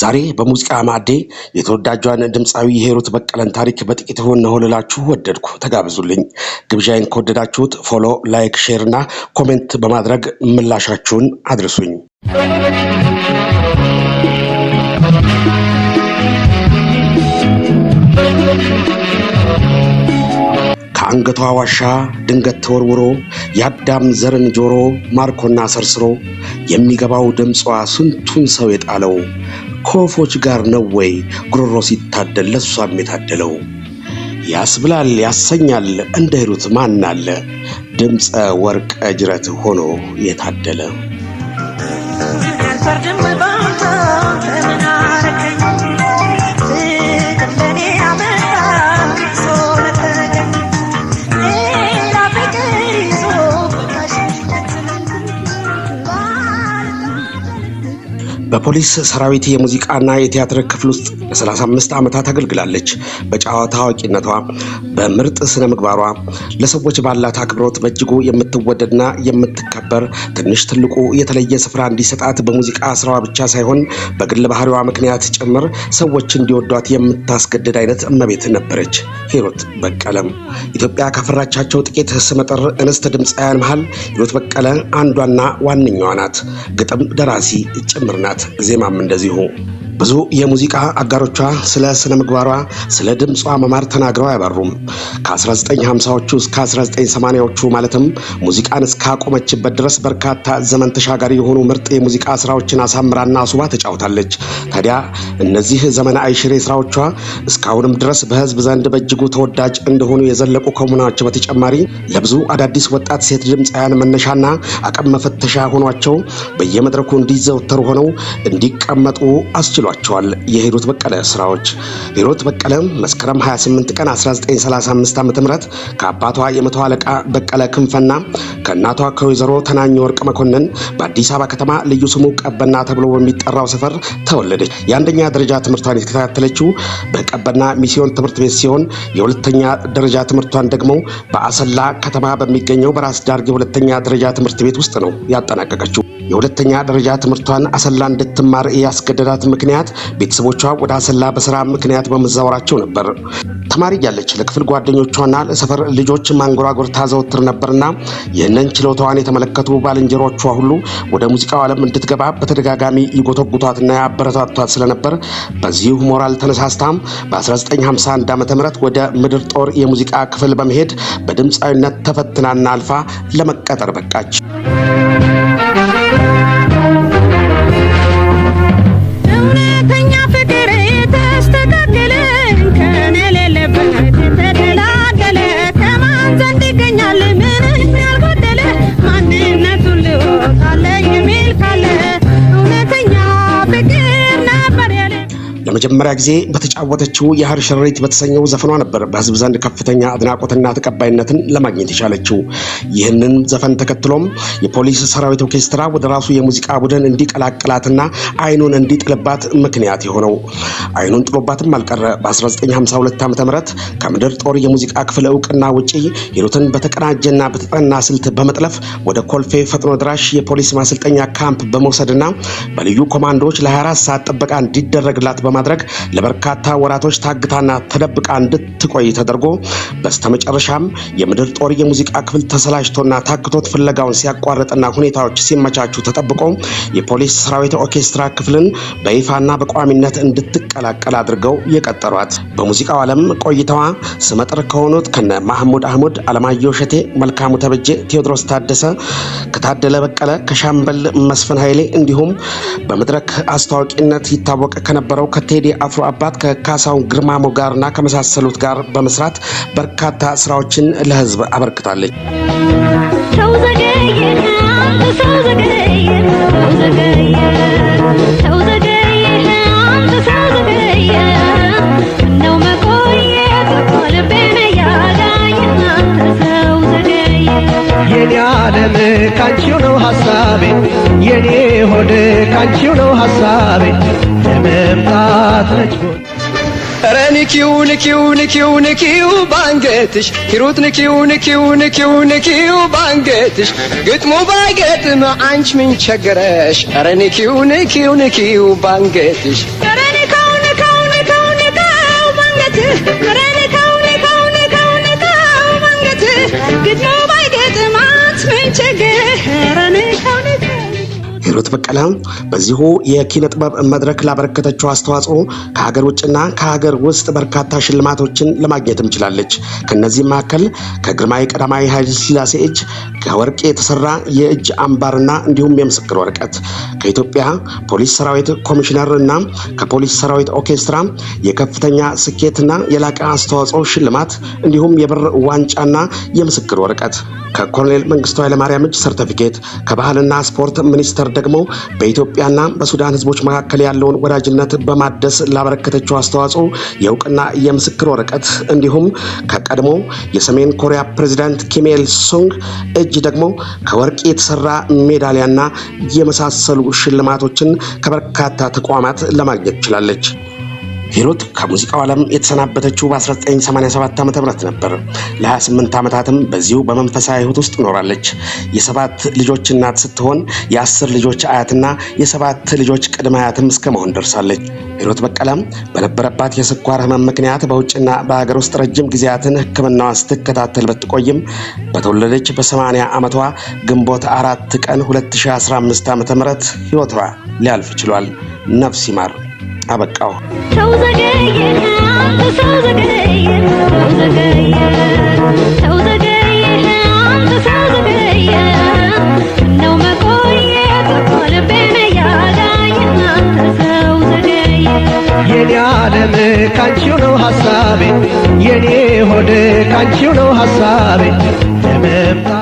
ዛሬ በሙዚቃ ማዕዴ የተወዳጇን ድምፃዊ ሂሩት በቀለን ታሪክ በጥቂት ሆን ነሆልላችሁ ወደድኩ። ተጋብዙልኝ። ግብዣይን ከወደዳችሁት ፎሎ፣ ላይክ፣ ሼር እና ኮሜንት በማድረግ ምላሻችሁን አድርሱኝ። ከአንገቷ ዋሻ ድንገት ተወርውሮ የአዳም ዘርን ጆሮ ማርኮና ሰርስሮ የሚገባው ድምጿ ስንቱን ሰው የጣለው ከወፎች ጋር ነው ወይ ጉሮሮ ሲታደል ለሷም የታደለው? ያስብላል ያሰኛል እንደ ሄሉት ማን አለ ድምፀ ወርቀ ጅረት ሆኖ የታደለ በፖሊስ ሰራዊት የሙዚቃና የቲያትር ክፍል ውስጥ ለ35 ዓመታት አገልግላለች። በጨዋታ አዋቂነቷ በምርጥ ስነ ምግባሯ፣ ለሰዎች ባላት አክብሮት በእጅጉ የምትወደድና የምትከበር ትንሽ ትልቁ የተለየ ስፍራ እንዲሰጣት በሙዚቃ ስራዋ ብቻ ሳይሆን በግል ባህሪዋ ምክንያት ጭምር ሰዎች እንዲወዷት የምታስገድድ አይነት እመቤት ነበረች ሂሩት በቀለም። ኢትዮጵያ ካፈራቻቸው ጥቂት ስመጥር እንስት ድምፃውያን መሃል ሂሩት በቀለ አንዷና ዋነኛዋ ናት። ግጥም ደራሲ ጭምር ናት። ዜማም እንደዚሁ። ብዙ የሙዚቃ አጋሮቿ ስለ ስነ ምግባሯ፣ ስለ ድምጿ መማር ተናግረው አይበሩም ከ ከ1950ዎቹ እስከ 1980ዎቹ ማለትም ሙዚቃን እስካቆመችበት ድረስ በርካታ ዘመን ተሻጋሪ የሆኑ ምርጥ የሙዚቃ ስራዎችን አሳምራና አሱባ ተጫውታለች። ታዲያ እነዚህ ዘመን አይሽሬ ስራዎቿ እስካሁንም ድረስ በህዝብ ዘንድ በእጅጉ ተወዳጅ እንደሆኑ የዘለቁ ከመሆናቸው በተጨማሪ ለብዙ አዳዲስ ወጣት ሴት ድምፃውያን መነሻና አቅም መፈተሻ ሆኗቸው በየመድረኩ እንዲዘወተሩ ሆነው እንዲቀመጡ አስችሏቸዋል። የሂሩት በቀለ ስራዎች ሂሩት በቀለ መስከረም 28 ቀን 1935 ዓ.ም ከአባቷ የመቶ አለቃ በቀለ ክንፈና ከእናቷ ከወይዘሮ ተናኝ ወርቅ መኮንን በአዲስ አበባ ከተማ ልዩ ስሙ ቀበና ተብሎ በሚጠራው ሰፈር ተወለደች። የአንደኛ ደረጃ ትምህርቷን የተከታተለችው በቀበና ሚስዮን ትምህርት ቤት ሲሆን የሁለተኛ ደረጃ ትምህርቷን ደግሞ በአሰላ ከተማ በሚገኘው በራስ ዳርግ ሁለተኛ ደረጃ ትምህርት ቤት ውስጥ ነው ያጠናቀቀችው። የሁለተኛ ደረጃ ትምህርቷን አሰላ እንድትማር ያስገደዳት ምክንያት ቤተሰቦቿ ወደ አሰላ በስራ ምክንያት በመዛወራቸው ነበር። ተማሪ እያለች ለክፍል ጓደኞቿና ለሰፈር ልጆች ማንጎራጎር ታዘወትር ነበርና ይህንን ችሎታዋን የተመለከቱ ባልንጀሮቿ ሁሉ ወደ ሙዚቃው ዓለም እንድትገባ በተደጋጋሚ ይጎተጉቷትና ያበረታቷት ስለነበር በዚሁ ሞራል ተነሳስታም በ1951 ዓ ም ወደ ምድር ጦር የሙዚቃ ክፍል በመሄድ በድምፃዊነት ተፈትናና አልፋ ለመቀጠር በቃች። ለመጀመሪያ ጊዜ በተጫወተችው የሀር ሸረሪት በተሰኘው ዘፈኗ ነበር በህዝብ ዘንድ ከፍተኛ አድናቆትና ተቀባይነትን ለማግኘት የቻለችው። ይህንን ዘፈን ተከትሎም የፖሊስ ሰራዊት ኦርኬስትራ ወደ ራሱ የሙዚቃ ቡድን እንዲቀላቅላትና አይኑን እንዲጥልባት ምክንያት የሆነው አይኑን ጥሎባትም አልቀረ። በ1952 ዓ ም ከምድር ጦር የሙዚቃ ክፍል እውቅና ውጪ ሂሩትን በተቀናጀና በተጠና ስልት በመጥለፍ ወደ ኮልፌ ፈጥኖ ድራሽ የፖሊስ ማሰልጠኛ ካምፕ በመውሰድና በልዩ ኮማንዶዎች ለ24 ሰዓት ጥበቃ እንዲደረግላት በማ በማድረግ ለበርካታ ወራቶች ታግታና ተደብቃ እንድትቆይ ተደርጎ በስተመጨረሻም የምድር ጦር የሙዚቃ ክፍል ተሰላጅቶና ታግቶት ፍለጋውን ሲያቋርጥና ሁኔታዎች ሲመቻቹ ተጠብቆ የፖሊስ ሰራዊት ኦርኬስትራ ክፍልን በይፋና በቋሚነት እንድትቀላቀል አድርገው የቀጠሯት። በሙዚቃው ዓለም ቆይታዋ ስመጥር ከሆኑት ከነ ማህሙድ አህሙድ፣ አለማየሁ ሸቴ መልካሙ ተበጀ፣ ቴዎድሮስ ታደሰ፣ ከታደለ በቀለ፣ ከሻምበል መስፍን ኃይሌ እንዲሁም በመድረክ አስተዋቂነት ይታወቅ ከነበረው ከቴዲ አፍሮ አባት ከካሳው ግርማ ጋርና ከመሳሰሉት ጋር በመስራት በርካታ ስራዎችን ለህዝብ አበርክታለች። ዓለም ካንቺው ነው ሀሳቤ የኔ ሆድ ካንቺው ነው ሀሳቤ እናት ነች ኧረ ንኪው ንኪው ንኪው ንኪው ባንገትሽ ሂሩት ንኪው ንኪው ንኪው ንኪው ባንገትሽ ግጥሙ ባይገጥም አንቺ ምን ቸገረሽ? ኧረ ንኪው ንኪው ንኪው ባንገትሽ ግጥሙ ባይገጥም አንቺ ምን ቸገረሽ? ሂሩት በቀለ በዚሁ የኪነ ጥበብ መድረክ ላበረከተችው አስተዋጽኦ ከሀገር ውጭና ከሀገር ውስጥ በርካታ ሽልማቶችን ለማግኘትም ችላለች። ከእነዚህም መካከል ከግርማዊ ቀዳማዊ ኃይለ ሥላሴ እጅ ከወርቅ የተሰራ የእጅ አምባርና እንዲሁም የምስክር ወረቀት ከኢትዮጵያ ፖሊስ ሰራዊት ኮሚሽነርና ከፖሊስ ሰራዊት ኦርኬስትራ የከፍተኛ ስኬትና የላቀ አስተዋጽኦ ሽልማት እንዲሁም የብር ዋንጫና የምስክር ወረቀት ከኮሎኔል መንግስቱ ኃይለማርያም እጅ ሰርተፊኬት ከባህልና ስፖርት ሚኒስቴር ደግሞ በኢትዮጵያና በሱዳን ህዝቦች መካከል ያለውን ወዳጅነት በማደስ ላበረከተችው አስተዋጽኦ የእውቅና የምስክር ወረቀት እንዲሁም ከቀድሞ የሰሜን ኮሪያ ፕሬዚዳንት ኪም ኢል ሱንግ እጅ ደግሞ ከወርቅ የተሰራ ሜዳሊያና የመሳሰሉ ሽልማቶችን ከበርካታ ተቋማት ለማግኘት ችላለች። ሂሩት ከሙዚቃው ዓለም የተሰናበተችው በ1987 ዓ ም ነበር። ለ28 ዓመታትም በዚሁ በመንፈሳዊ ሕይወት ውስጥ ኖራለች። የሰባት ልጆች እናት ስትሆን የአስር ልጆች አያትና የሰባት ልጆች ቅድመ አያትም እስከ መሆን ደርሳለች። ሂሩት በቀለም በነበረባት የስኳር ህመም ምክንያት በውጭና በሀገር ውስጥ ረጅም ጊዜያትን ህክምናዋ ስትከታተል ብትቆይም በተወለደች በ80 ዓመቷ ግንቦት አራት ቀን 2015 ዓ ም ሕይወቷ ሊያልፍ ችሏል። ነፍስ ይማር። አበቃው። የኔ ዓለም ካንቺው ነው ሐሳቤ የኔ ሆድ ካንቺው ነው ሐሳቤ